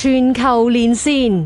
全球連線，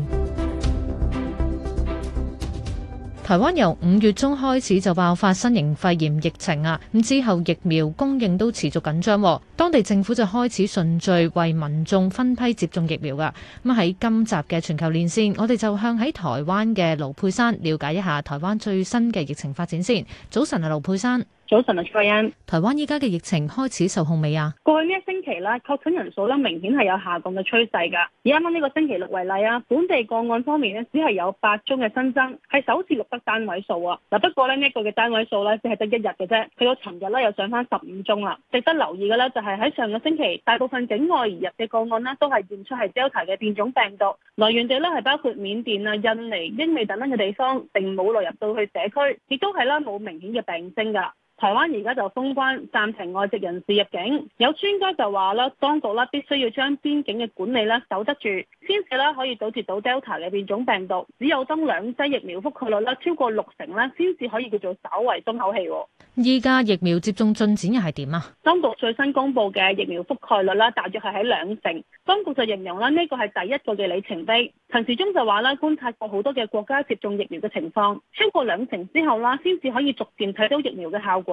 台灣由五月中開始就爆發新型肺炎疫情啊。咁之後疫苗供應都持續緊張，當地政府就開始順序為民眾分批接種疫苗噶。咁喺今集嘅全球連線，我哋就向喺台灣嘅盧珮珊了解一下台灣最新嘅疫情發展先。早晨係，盧珮珊。早晨啊，蔚恩，台灣依家嘅疫情開始受控未啊？過去呢一星期咧，確診人數咧明顯係有下降嘅趨勢噶。以啱啱呢個星期六為例啊，本地個案方面呢，只係有八宗嘅新增，係首次錄得單位數啊。嗱，不過呢呢個嘅單位數咧只係得一日嘅啫，去到尋日咧又上翻十五宗啦。值得留意嘅咧就係喺上個星期，大部分境外移入嘅個案呢，都係檢出係 Delta 嘅變種病毒，來源地咧係包括緬甸啊、印尼、英美等等嘅地方，並冇流入到去社區，亦都係啦，冇明顯嘅病徵噶。台灣而家就封關，暫停外籍人士入境。有專家就話啦，當局啦必須要將邊境嘅管理咧守得住，先至可以阻截到 Delta 咧變種病毒。只有當兩劑疫苗覆蓋率超過六成咧，先至可以叫做稍微鬆口氣。依家疫苗接種進展又係點啊？當局最新公布嘅疫苗覆蓋率大約係喺兩成。當局就形容啦，呢個係第一個嘅里程碑。陳時中就話咧，觀察過好多嘅國家接種疫苗嘅情況，超過兩成之後啦，先至可以逐漸睇到疫苗嘅效果。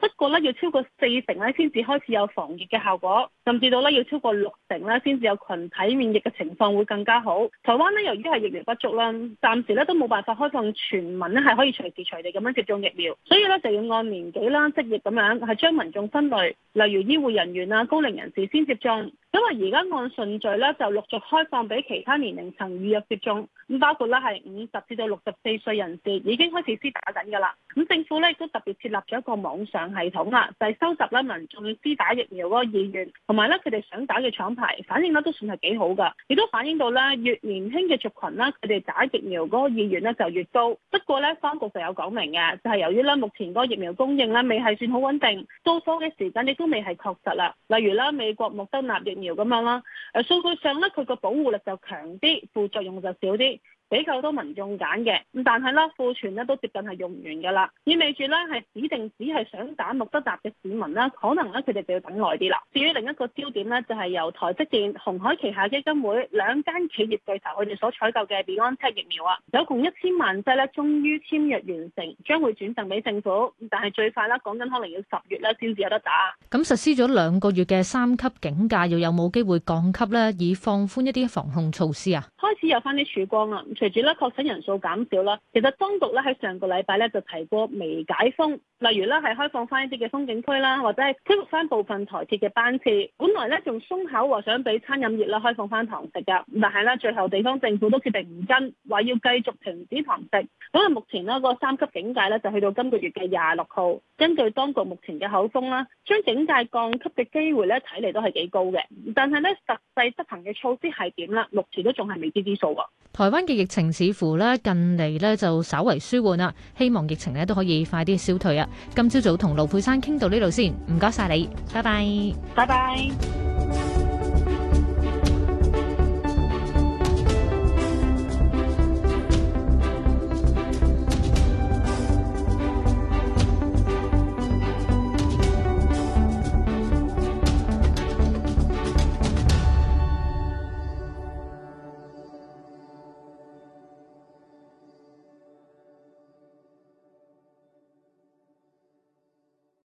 不過咧，要超過四成咧，先至開始有防疫嘅效果；甚至到咧，要超過六成咧，先至有群體免疫嘅情況會更加好。台灣呢，由於係疫苗不足啦，暫時咧都冇辦法開放全民咧係可以隨時隨地咁樣接種疫苗，所以咧就要按年紀啦、職業咁樣係將民眾分類，例如醫護人員啊、高齡人士先接種。因為而家按順序咧就陸續開放俾其他年齡層預約接種，咁包括呢係五十至到六十四歲人士已經開始施打緊㗎啦。咁政府咧亦都特別設立咗一個網上系統啦，就係、是、收集咧民要知打疫苗嗰個意願，同埋咧佢哋想打嘅廠牌，反應咧都算係幾好噶，亦都反映到咧越年輕嘅族群咧佢哋打疫苗嗰個意願咧就越高。不過咧，三局就有講明嘅，就係、是、由於咧目前嗰個疫苗供應咧未係算好穩定，到貨嘅時間亦都未係確實啦。例如啦，美國莫德納疫苗咁樣啦，誒數據上咧佢個保護力就強啲，副作用就少啲。比較多民眾揀嘅，咁但係啦，庫存咧都接近係用唔完㗎啦，意味住咧係指定只係想打莫德納嘅市民啦，可能咧佢哋就要等耐啲啦。至於另一個焦點咧，就係由台積電、鴻海旗下基金會兩間企業計頭，佢哋所採購嘅 BioNTech 疫苗啊，有共一千萬劑咧，終於簽約完成，將會轉贈俾政府，但係最快啦，講緊可能要十月咧先至有得打。咁實施咗兩個月嘅三級警戒，又有冇機會降級咧，以放寬一啲防控措施啊？開始有翻啲曙光啦，隨住咧確診人數減少啦，其實當局咧喺上個禮拜咧就提過微解封，例如咧係開放翻一啲嘅風景區啦，或者係恢復翻部分台鐵嘅班次。本來咧仲鬆口話想俾餐飲業咧開放翻堂食嘅，但係咧最後地方政府都決定唔跟，話要繼續停止堂食。咁啊，目前呢個三級警戒咧就去到今個月嘅廿六號。根據當局目前嘅口風啦，將警戒降級嘅機會咧睇嚟都係幾高嘅。但係咧實際執行嘅措施係點啦？目前都仲係未數啊！台灣嘅疫情似乎咧近嚟咧就稍為舒緩啦，希望疫情咧都可以快啲消退啊！今朝早同盧佩珊傾到呢度先，唔該晒你，拜拜，拜拜。